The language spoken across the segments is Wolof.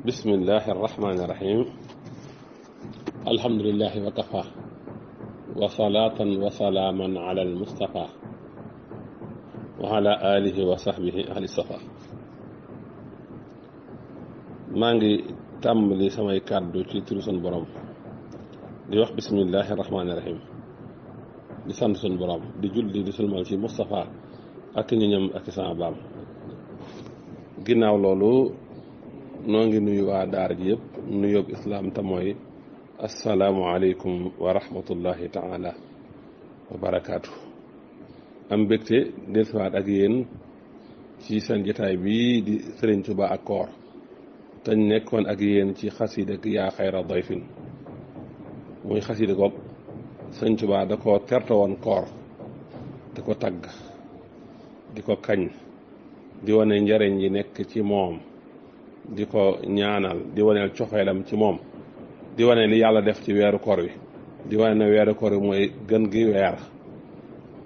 bismillahi arrahmani irrahim alhamdulilahi wa kafa wa salaatan wa salaaman ala almustafa wa ala alihi wa sahbihi ahli safa maa ngi tàmbali samay kàddu ci turu sun borom di wax bismillahi arrahmani irrahim di sant sun borom di julli di sulmal ci Mustafa ak ñuñam ak sama baam ginnaaw loolu noo ngi nuyu waa daara ji yëpp nuyoob islaam te mooy asalaamualeykum wa rahmatullahi taala wa barakaatu. am mbégte dellusiwaat ak yéen ci seen jotaay bii di Sëriñ Tuubaa ak koor te nekkoon ak yéen ci xasida ak yaa xayra dayfin muy xasida goog Sëriñ Tuubaa da ko terte woon koor di ko tagg di ko kañ di wane njariñ yi nekk ci moom di ko ñaanal di waneel cofeelam ci moom di wane li yàlla def ci weeru koor wi di wane ne weeru koor wi mooy gën gi weer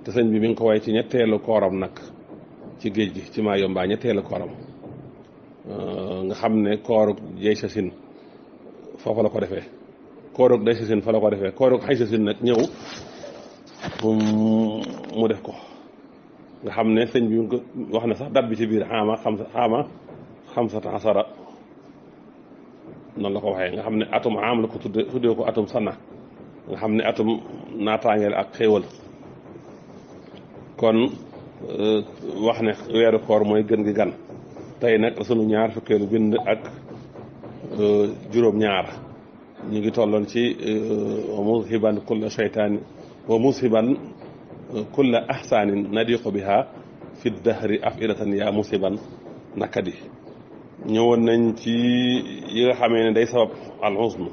te sëñ bi bi ngi ko way ci ñetteelu kooram nag ci géej gi ci maa yombaa ñetteelu kooram euh, nga xam ne koorug jey sa sin foofa la ko defee koorug day sa sin fa la ko defee koorug xay sa sin nag ñëw mu def ko nga xam ne sëñ bi wax na sax dat bi ci biir xaama xam xaama خمسة عشر نلقى وحي نحن أتوم عام لكتوديوكو أتوم سنة نحن أتوم ناتانيال أكيول كون وحنا ويارو كور موي جن جن تاي نك رسول نيار فكير بند أك جروب نيار نيجي تولون شي ومذهبا كل شيطان ومذهبا كل أحسان نديق بها في الدهر أفئلة يا مصيبا نكدي ñëwoon nañ ci yi nga xamee ne day sabab alxusn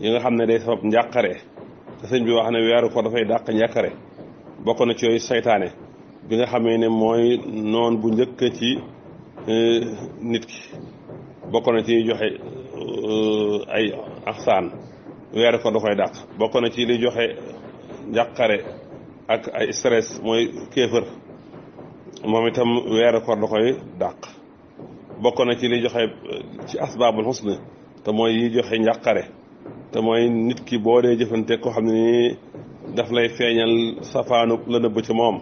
yi nga xam ne day sabab njàqare te sëñ bi wax ne weeru ko dafay dàq njàqare bokk na ci yooyu seytaane bi nga xamee ne mooy noon bu njëkk ci e, nit ki bokk na ci joxe e, ay axsaan weeru ko dafay dàq bokk na ci li joxe njàqare ak ay stress mooy kéefër moom itam weeru koor da koy dàq bokk na ci lay joxe ci asbaabul xusni te mooy yi joxe njàqare te mooy nit ki boo dee jëfante koo xam ne nii daf lay feeñal safaanu la nëbb ci moom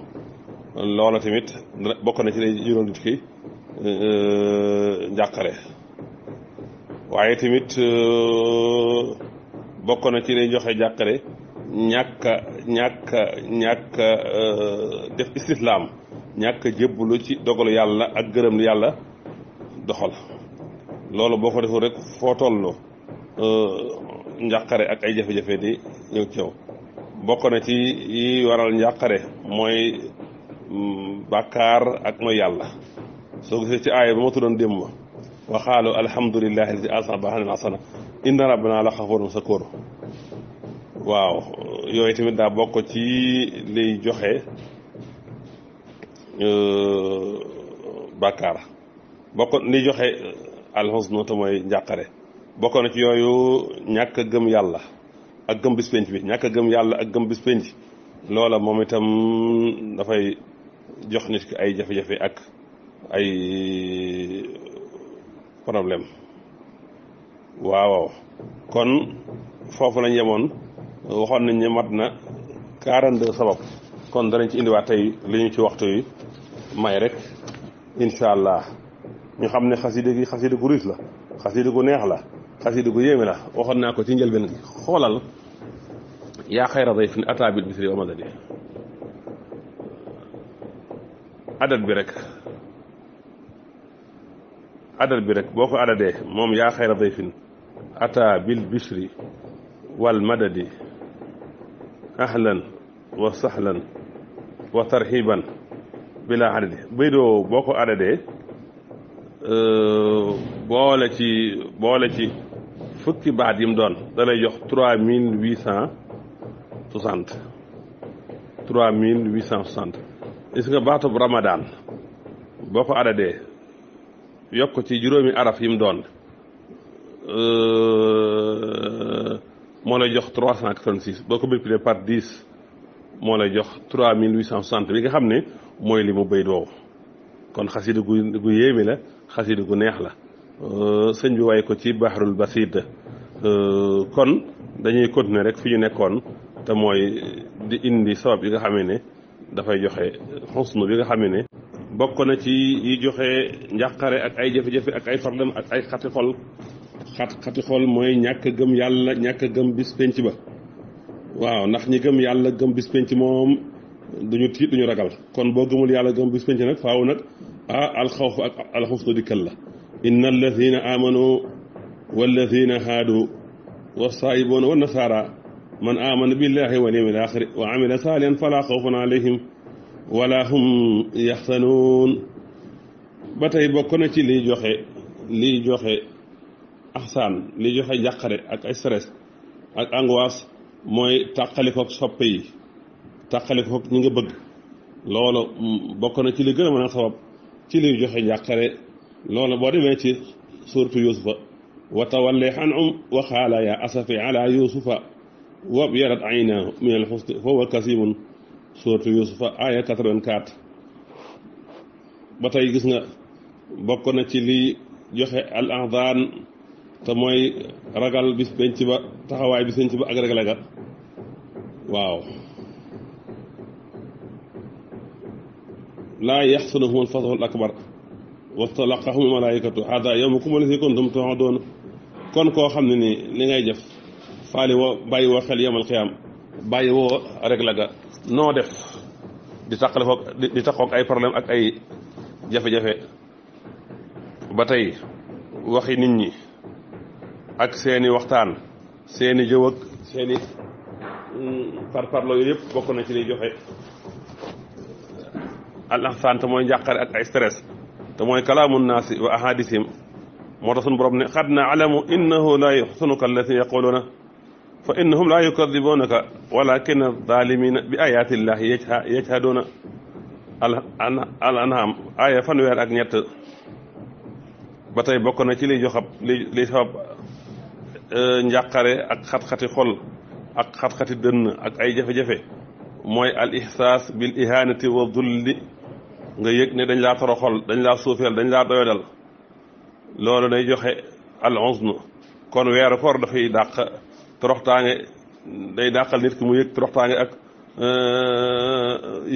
loola tamit bokk na ci lay jural nit euh, waaye tamit euh, bokk na ci lay joxe njàqare ñàkk a ñàkk a ñàkk euh, def istislaam ñàkk jébbalu ci dogalu yàlla ak gërëm yàlla doxal loolu boo ko deful rek foo toll euh, njàqare ak ay jafe-jafe di ñëw ci bokk na ci yi waral njàqare mooy mm, bàkkaar ak mooy yàlla soo gisee ci aaya ba ma tuddoon démb wa xaalu alhamdulillahi lazi asnaba anna asana inna rabbana la xafurun sakoor waaw yooyu tamit daa bokk ci liy joxe euh, bàkkaar bokk li joxe alxusnu te mooy njàqare bokk ci yooyu ñàkk a gëm yàlla ak gëm bis bi ñàkk a gëm yàlla ak gëm bis loola moom itam dafay jox nit ki ay jafe-jafe ak ay problème waaw kon foofu lañ yemoon waxoon nañ ne mat na 42 sabab kon danañ ci indiwaat tey li ñu ci waxtu yi may rek incha allah ñu xamné ne gi xasida gu riis la xasida gu neex la xasida gu yéeme la waxon naa ko ci njëlbeen gi xolal ya xayra dayfin ataa bil bisri wa madani adad bi rek adad bi rek boko adade mom ya yaa xayra dayfin ataa bil bisri wal madadi ahlan wa sahlan wa tarhiban bila adade baydoo boko adade Euh, boole ci boole ci fukki baat yi mu doon da lay jox trois mille huit cent soixante trois mille huit cent soixante gis nga baatub ramadaan boo ko adadee yokk ci juróomi araf yi mu doon euh, moo lay jox trois cent quatre vingt boo ko multiplié part dix moo lay jox trois mille huit cent soixante bi nga xam ni mooy li mu béy doo kon xasida gu gu yéeme la xasida gu neex la euh, sëñ bi waaye ko ci Bahrul Basid euh, kon dañuy continuer rek fi ñu nekkoon te mooy di indi sabab yi nga xamee ne dafay joxe xusnu bi nga xamee ne bokk na ci yi joxe njàqare ak ay jafe-jafe ak ay fardam ak ay xati xol xat xati xol mooy ñàkk gëm yàlla ñàkk gëm bis penc ba waaw ndax ñi gëm yàlla gëm bis moom dañu tit dañu ragal kon bo gëmul yàlla gëm bis penc nak faaw nak a al khawf ak al khawf dikkal kala inna alladina amanu wal hadu wan nasara man amana billahi wal yawmil akhir wa amila salihan fala khawfun alayhim wala hum yahsanun batay bokko na ci li joxe li joxe ahsan li joxe jaxare ak ay stress ak angoisse mooy tàqalikook soppe yi tàqale ko ñi nga bëgg loolo bokk na ci li gën a mën a sabab ci liy joxe njàqare loolu boo demee ci suurtu yuusufa wa tawalli xanum wa xaala yaa asafi ala yuusufa wab yarat aynaahu min al xusni fa huwa kasimun suurtu yuusufa aya 84 ba tay gis nga bokk na ci liy joxe al ahdaan te mooy ragal bis penc ba taxawaay bis penc ba ak ragale ga waaw لا يحسنهم الفضل الأكبر وطلقهم الملائكة هذا يومكم الذي كنتم تعودون كون كو خمني نيجا فالي و باي وخل يوم القيام باي و رجلا نو ديف دي تاخلف اي بروبليم اي جافي جافي باتاي وخي نيت أكسيني وقتان سيني جوك سيني فار فار لو ييب بوكو نتي لي al ahsaan te mooy njàqare ak ay stress te mooy kalaamu naasi wa ahadisihim moo tax suñu borom ne xad naalamu innahu la yuxsunuka allati yaquluuna fa innahum la yukadibuunaka walakin adaalimina bi ayaatillahi yajha yajhaduuna al anham aaya fanweer ak ñett ba tey bokk na ci liy joxab li liy sabab njàqare ak xat-xati xol ak xat-xati dënn ak ay jafe-jafe mooy al ihsaas bil ihanati wa dulli nga yëg ne dañ laa toroxol dañ laa suufeel dañ laa doyadal loolu day joxe al usnu kon weeru koor dafay dàq toroxtaange day dàqal nit ki mu yëg toroxtaange ak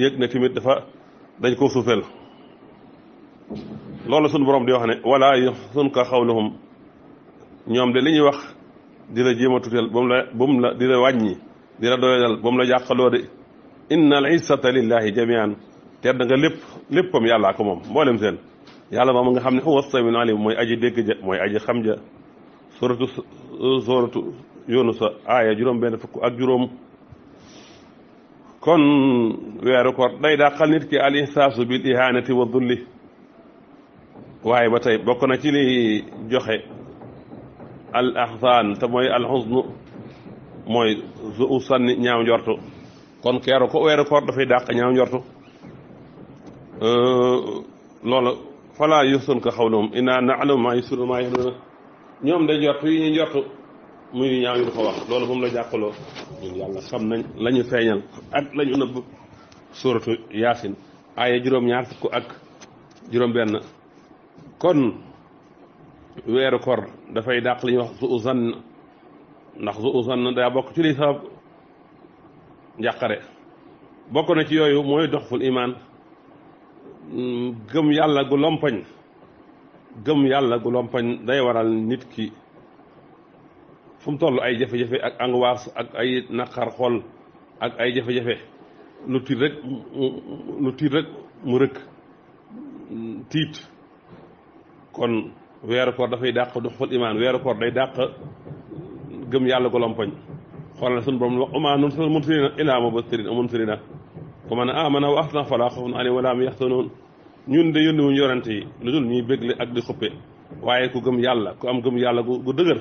yëg ne timit dafa dañ ko suufeel loolu sun borom di wax ne wala sun ka xawluhum ñoom de li ñuy wax di la jéem a tuteel ba la ba la di la wàññi di la doyadal ba la yàqaloo de inna al izzata lillahi jamian تيب نغا ليب ليبكم يالا كو موم مبولم سين يالا ما نغا خامني هو الصيم علي موي ادي ديك جا موي ادي خمجا سوره سوره يونس ايه جوروم بن فك اك جوروم كون ويرو كور داي داخل نيت كي علي ساسو بالاهانه والذل واي باتاي بوكنا تي لي جوخي الاحزان تموي الحزن موي زو سن نياو نيورتو كون كيرو كو ويرو كور دا فاي داخ نياو نيورتو Euh, loola falaa yoxsun ko xaw lahum inaa naalamu maa yusirruuna maa yaxnuuna ñoom day jort yi ñu jort muy ñaaw yu du ko wax loolu bu mu la jàqaloo ñun yàlla xam lañu la feeñal ak la ñu nëbb suuratu yaasin aaya juróom-ñaar fukk ak juróom-benn kon weeru kor dafay dàq li ñuy wax zu zann ndax zu zann daa bokk ci liy sabab njàqare bokk na ci yooyu mooy dox ful imaan Mm, gëm yàlla gu lompañ gëm yàlla gu lompañ day waral nit ki fu mu toll ay jafe-jafe ak angoisse ak ay naqar xol ak ay jafe-jafe lu tiit rek mm, mm, lu tiit rek mu rëkk tiit kon weeru koor dafay dàq du xofal imaan weeru koor day dàq gëm yàlla gu lompañ xoolal sunu borom wax umaa nun sal mun sëriina ilaa mubasiriin amun sëriina ko man amana wa aslama fala xawfun alayhim wa lahum yaxzanuun ñun de yónni wuñu yorante yi lu dul ñuy bégle ak di xuppe waaye ku gëm yàlla ku am gëm yàlla gu dëgër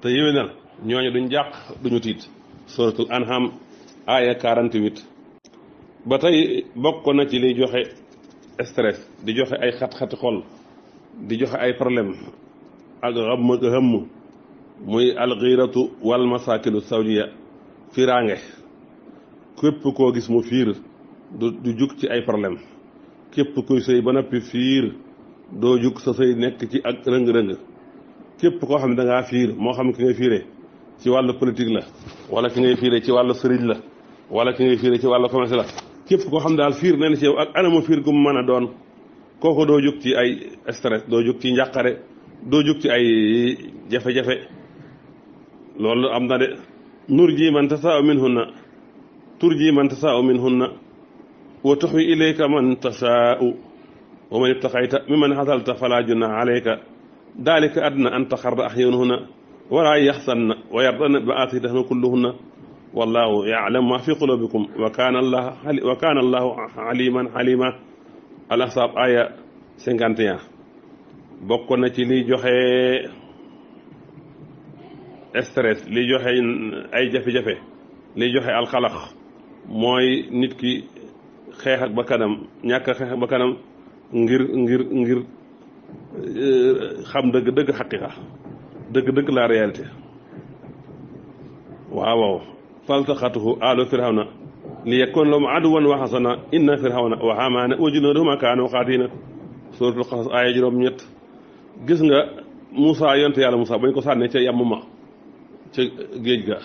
te yéwénal ñooñu duñ jàq duñu tiit suratul anham aaya 48 ba tey bokk na ci liy joxe stress di joxe ay xat-xati xol di joxe ay problème ak xamm xëmm muy alxiiratu wal masakinu sawliya firaange képp koo gis mu fiir du du jug ci ay problème képp kuy sëy ba noppi fiir doo jug sa sëy nekk ci ak rëng-rëng képp koo xam ne da ngaa fiir moo xam ki ngay fiire ci wàllu politique la wala ki ngay fiire ci wàllu sëriñ la wala ki ngay fiire ci wàllu commerce la képp koo xam daal fiir nee na ci yow ak anamu fiir gu mu mën a doon kooku doo jug ci ay stress doo jug ci njàqare doo jug ci ay jafe-jafe loolu am na de nur ji man tasaa minhunna tur ji man tasaa na وتحوي إليك من تشاء ومن ابتغيت ممن حصلت فلا جناح عليك ذلك أدنى أن تقر أحيانهن ولا يحسن ويرضن بآتيتهن كلهن والله يعلم ما في قلوبكم وكان الله وكان الله عليما حليما الأحزاب آية 51 bokk na ci liy joxe stress liy joxe ay jafe-jafe liy joxe alxalax mooy nit xeex ba kanam ñàkk a ba kanam bakkanam ngir ngir ngir eh, xam dëgg dëgg xaqiqa dëgg dëgg la réalité waaw waaw faltaxatuhu aalu firawna li yakun lahum aduwan wa xasana inna firawna wa haamaana wa junuudahuma kaanu xaatiina suuratul Qasas aaya juróom ñett gis nga Moussa yonte yàlla Moussa bañ ko sànnee ca yàmm ma ca géej ga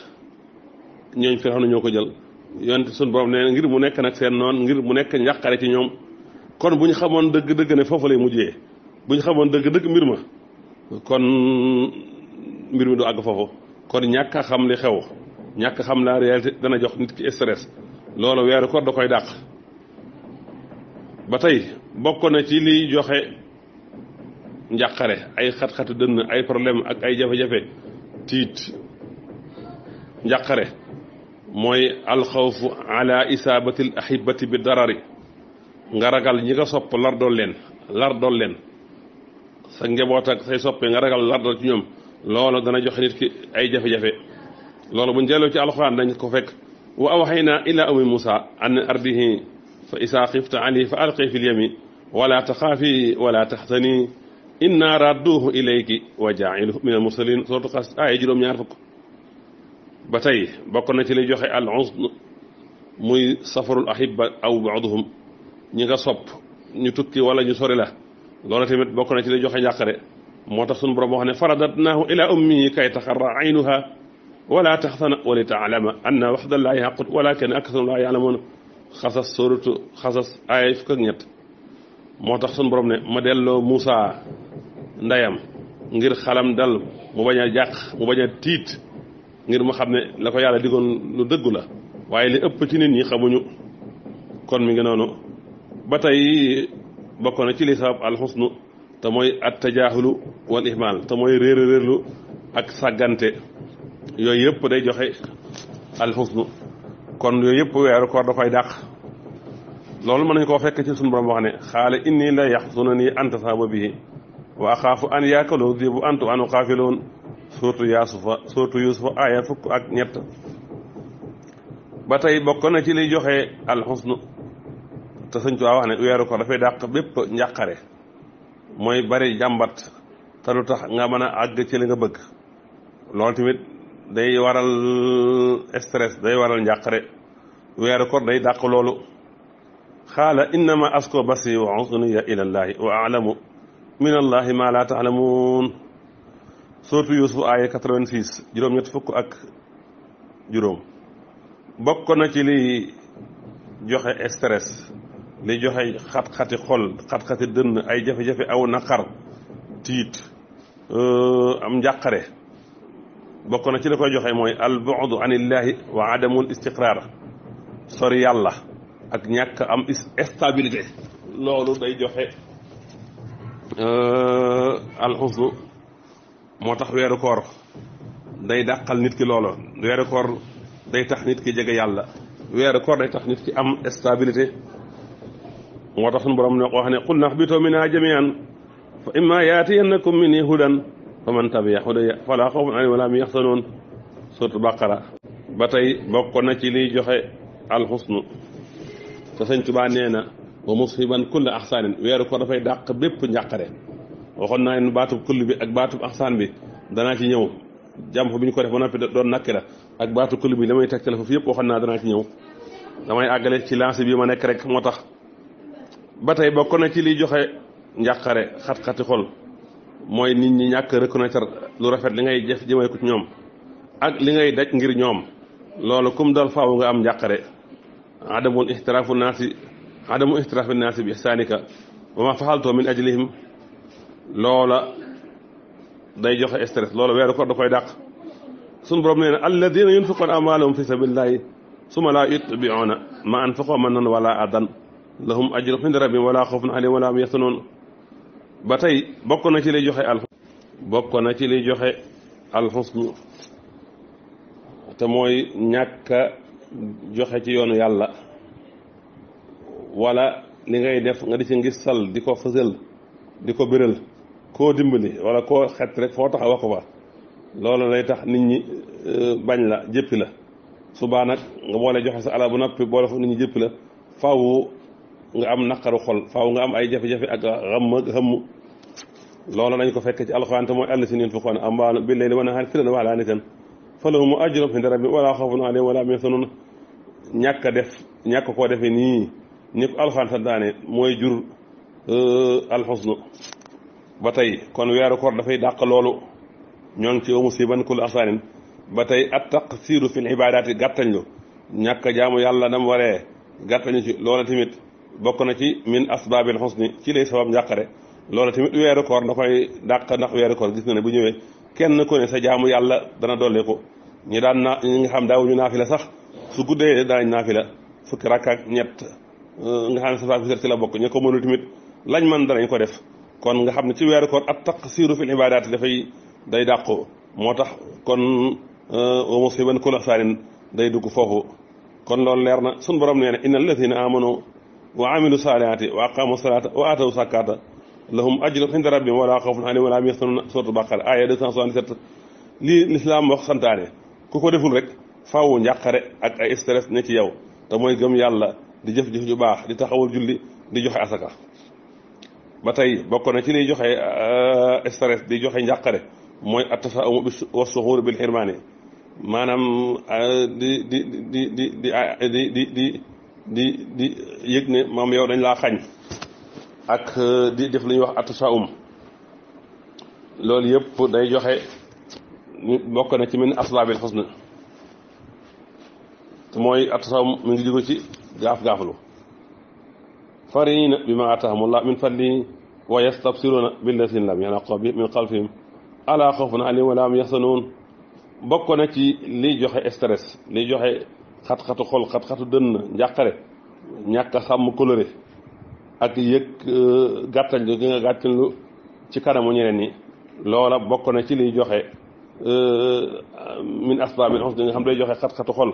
ñooñ firawna ñoo ko jël yonent suñu borom nee ngir mu nekk nag seen noon ngir mu nekk njàqare ci ñoom kon bu ñu xamoon dëgg-dëgg ne foofu lay mujjee bu ñu xamoon dëgg-dëgg mbir ma kon mbir mi du àgg foofu kon ñàkk a xam li xew ñàkk xam la réalité dana jox nit ki stress loolu weeru ko da koy dàq ba tey bokkoon na ci liy joxe njàqare ay xat-xatu dënn ay problème ak ay jafe-jafe tiit njàqare موي alxawfu ala isaabatil ahibati bi darari nga ragal ñi nga sopp lar do len lar do len sa njaboot ak say soppe nga ragal lar do ci ñom loolu dana jox nit ki ay jafe-jafe loolu bu njëloo ci alxuraan dañ ko fek wa awhayna ila ummi musa an ardihi fa isa khifta ali fa alqi fil yami wala taxaafi wala taxtani inna radduuhu ilayki wa jaa'iluhu min almursalin suratu xas aaya juróom ñaar ba tey bokk na ci lay joxe al usn muy safarul ahibba aw baaduhum ñi nga sopp ñu tukki wala ñu sori la loola tamit bokk na ci lay joxe njàqare moo tax sunu borom wax ne faradatnaahu ila ummihi kay taxarra aynuha wala taxsana wali taalama anna waxdallaahi xaqut walakin aksaru laa yaalamuuna xasas sóoratu xasas aaya fukk ak ñett moo tax sunu borom ne ma delloo Moussa ndeyam ngir xalam dal mu bañ a jàq mu bañ a tiit ngir mu xam ne la ko yàlla digoon lu dëggu la waaye li ëpp ci nit ñi xamuñu kon mu ngi noonu ba tey bokk na ci li sabab alxusnu te mooy at tajaaxulu wal ihmaal te mooy réer réerlu ak sàggante yooyu yëpp day joxe alxusnu kon yooyu yëpp weeru koor da koy dàq loolu mën nañu koo fekk ci suñu borom wax ne xaale inni la yaxsuna nii anta saaba bii wa axaafu an yaakalu dibu antu anu xaafiloon surtout yasufa surtout yusufa aya fukk ak ñett ba tey bokk na ci li joxe alxusnu te sëñ tuwa wax ne weeru ko dafay dàq bépp njàqare mooy bari jàmbat te lu tax nga mën a àgg ci li nga bëgg loolu tamit day waral stress day waral njàqare weeru kor day dàq loolu xaala innama asko basri wa usnuya ila allahi wa aalamu min allahi ma la taalamuun سورة يوسف آية 86 جروم يتفق أك جروم بكونا تلي جوه استرس لي جوه خط خط خل خط خط دن أي جف جف أو نكر تيت أم جاكره بكونا تلي كوي جوه موي البعد عن الله وعدم الاستقرار سوري الله أكنيك أم استابيليتي لولو داي جوه الحزو moo tax weeru koor day dàqal nit ki loola weeru koor day tax nit ki jege yàlla weeru koor day tax nit ki am stabilité moo tax sunu borom ne wax ne qul nahbitu minha jami'an fa imma yaatiyannakum minni hudan fa man tabi'a hudaya fala khawfun alayhim wala ba tey bokk na ci liy joxe alxusnu te sëñ Tuubaa na wa musiban kulla ahsanin weeru koor dafay dàq bépp njàqare o honna en mbatu kulli bi ak mbatu ahsan bi dana ci ñëw jàmm fa bi ñu ko def ba noppi doon nakki la ak mbatu kulli bi li may tegtale foofu yëpp waxon naa dana ci ñëw damay àggale ci lancé bi ma nekk rek moo tax ba tey bokk na ci liy joxe njàqare xat-xati xol mooy nit ñi ñàkk reconnaitre lu rafet li ngay jëf jëmeeku ci ñoom ak li ngay daj ngir ñoom loolu kum dal faaw nga am njàqare adamul ixtiraafu naasi adamul ixtiraafu naasi bi ihsanika wa ma faxaltoo min ajlihim loola day joxe stress loola weeru koor da koy dàq suñu borom nee na alladina yunfiqoon amwaalahum fi sabilillahi suma laa yutbi'uuna ma anfaqoo mannan wala adan lahum ajruhum inda rabbihim wala xawfun alayhim wala hum yaxzanuun ba tey bokk na ci liy joxe al bokk na ci liy joxe alxusnu te mooy ñàkk joxe ci yoonu yàlla wala li ngay def nga di ci ngis sal di ko fësal di ko bëral koo dimbali wala koo xet rek foo tax a wax ko fa loolu lay tax nit ñi euh, bañ la jëppi la subaa nag nga boole joxe sa alal bu noppi boole fa nit ñi la faaw nga am naqaru xol faaw nga am ay jafe-jafe ak xam xam loolu lañ ko fekke ci alxuraan te mooy allaziina yunfiquuna amwaalahum bil-layli wan-nahaari sirran wa alaaniyatan falahum ajruhum 'inda rabbihim wa laa xawfun 'alayhim wa laa hum yahzanuun ñàkk a def ñàkk koo defee nii ñëpp alxuraan santaane mooy jur euh, alxusnu ba tey kon weeru koor dafay dàq loolu ñoo ngi ci wa musiban kul asaanin ba tey at taqsiiru fil ibaadaati gàttañ lu ñàkk jaamu yàlla nam waree gàttañu ci loola tamit bokk na ci min asbaabil xusni ci lay sabab njàqare loola tamit weeru koor da koy dàq ndax weeru koor gis na ne bu ñëwee kenn ku ne sa jaamu yàlla dana dolliku ñi daan naa ñi nga xam daawuñu naafila sax su guddee danañ naafila fukki rakk ak ñett nga xam ne sa fi ci la bokk ña ko mënul tamit lañ man danañ ko def kon nga xam ne ci weeru koor at taqsiru fil ibadaat dafay day dàqu moo tax kon euh, wa musiban kula saanin day dugg foofu kon loolu leer na sun borom nee na inna alladina amanu wa amilu saalihaati wa aqamu salaata wa aatawu sakaata lahum ajrun inda rabbihim wala xawfun alayhim wala hum yaxzanuun suuratu baqara aaya 277 lii lislaam wax santaane ku ko deful rek faaw njàqare ak ay stress ne ci yow te mooy gëm yàlla di jëf-jëf ju baax di taxawal julli di joxe asaka ba tey bokk na ci liy joxe euh, stress di joxe njàqare mooy attasaamu bi wa suxuur bil xirmaani maanaam euh, di di di di di di di di di yëg ne moom yow dañ laa xañ ak euh, di def lu ñuy wax attasaum loolu yëpp day joxe bokk na ci min aslaabil xusna mooy attasaum mi ngi jóge ci gaaf gaaflu farihina bima atahamu llah min fadlihi wa yastabsiruna billati lam yanaqa min qalfihim ala xaufin alihim walahum yahsanun bokk na ci li joxe stress li joxe xat-xatu xol xat-xatu dënn njàqare ñàkk xàmm coloré ak yëg euh, gàttañ gi gi nga gàttinlu ci kanamu ñeneen ni loola bokk na ci liy joxe euh, min asbabil xos di nga xam day joxe xat-xatu xol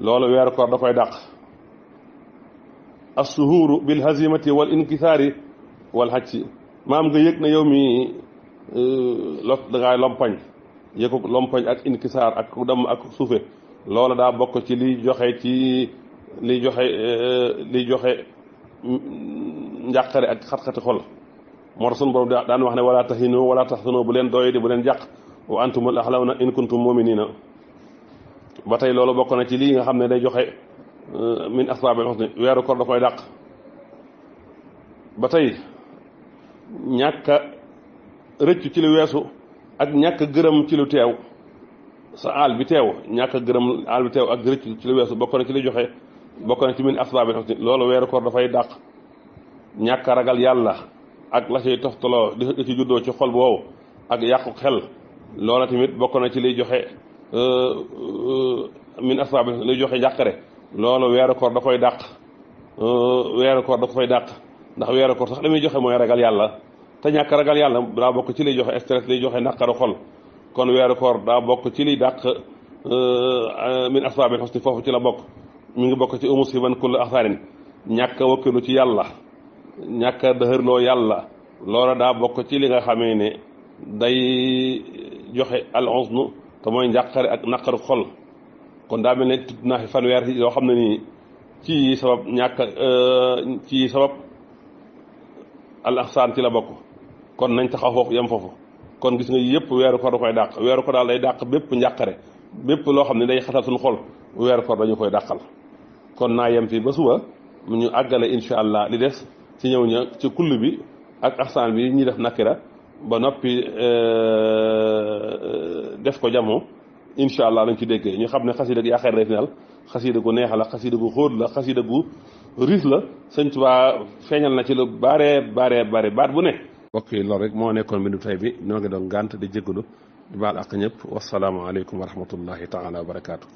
loolu weer koor da koy dàq assuhuuru bil hazimati wal inkisaari wal hajji maam nga yëg na yow mi euh, lot dangaay lompañ yëgu lompañ ak inkisaar ak ku dem ak suufe loola daa bokk ci liy joxe ci liy joxe euh, liy joxe njàqare ak xat-xati xol moo tax daan wax ne wala tahinu wala tahzanu bu leen doyadi bu leen jàq wa antumul axlawna in kuntum muminina ba tey loolu bokk na ci lii nga xam ne day joxe min asbaabil xusni weeru koor da koy dàq ba tey ñàkk a rëccu ci lu weesu ak ñàkk a gërëm ci lu teew sa aal bi teew ñàkk a gërëm aal bi teew ak rëccu ci lu weesu bokk na ci li joxe bokk na ci min asbaabil xusni loolu weeru koor dafay dàq ñàkk ragal yàlla ak la ciy toftaloo ci juddoo ci xol bu wow ak yàqu xel loola tamit bokk na ci liy joxe euh, euh, min asbaabil xusni joxe njàqare loolu weeru koor da koy dàq euh, weeru koor da koy dàq ndax weeru koor sax li muy joxe mooy ragal yàlla te ñàkk ragal yàlla daa bokk ci liy joxe stress liy joxe naqaru xol kon weeru daa bokk ci liy dàq euh, min asbaabil foofu ci la bokk mu ngi bokk ci umus yi man kullu asarin ñàkk a ci yàlla ñàkk a dëhërloo yàlla loola daa bokk ci li nga xamee ne day joxe al usnu te mooy njàqare ak naqaru xol kon daa mel ne tudd naa weer fanweer yoo xam ne nii ci sabab ñàkk euh, ci sabab al axsaan ci la bokk kon nañ taxaw foofu yem foofu kon gis nga yëpp weeru koor da koy dàq weeru ko daal day dàq bépp njàqare bépp loo xam ne day xatal suñu xol weeru koor dañu koy dàqal kon naa yem fii ba suba mu ñu àggale incha allah li des ci ñëw ña ci kull bi ak axsaan bi ñuy def nakira ba noppi euh, def ko jamoo إن شاء الله لن تدعي إني خبنا خسيرة في آخر رجال خسيرة كونها لا خسيرة كخور لا خسيرة كريز لا سنتوا فينا نجلو بارة بارة بارة بار بنا أوكي الله رك ما نكون من طيبي نعدهن غانت ديجي كلو بعد أكنيب والسلام عليكم ورحمة الله تعالى وبركاته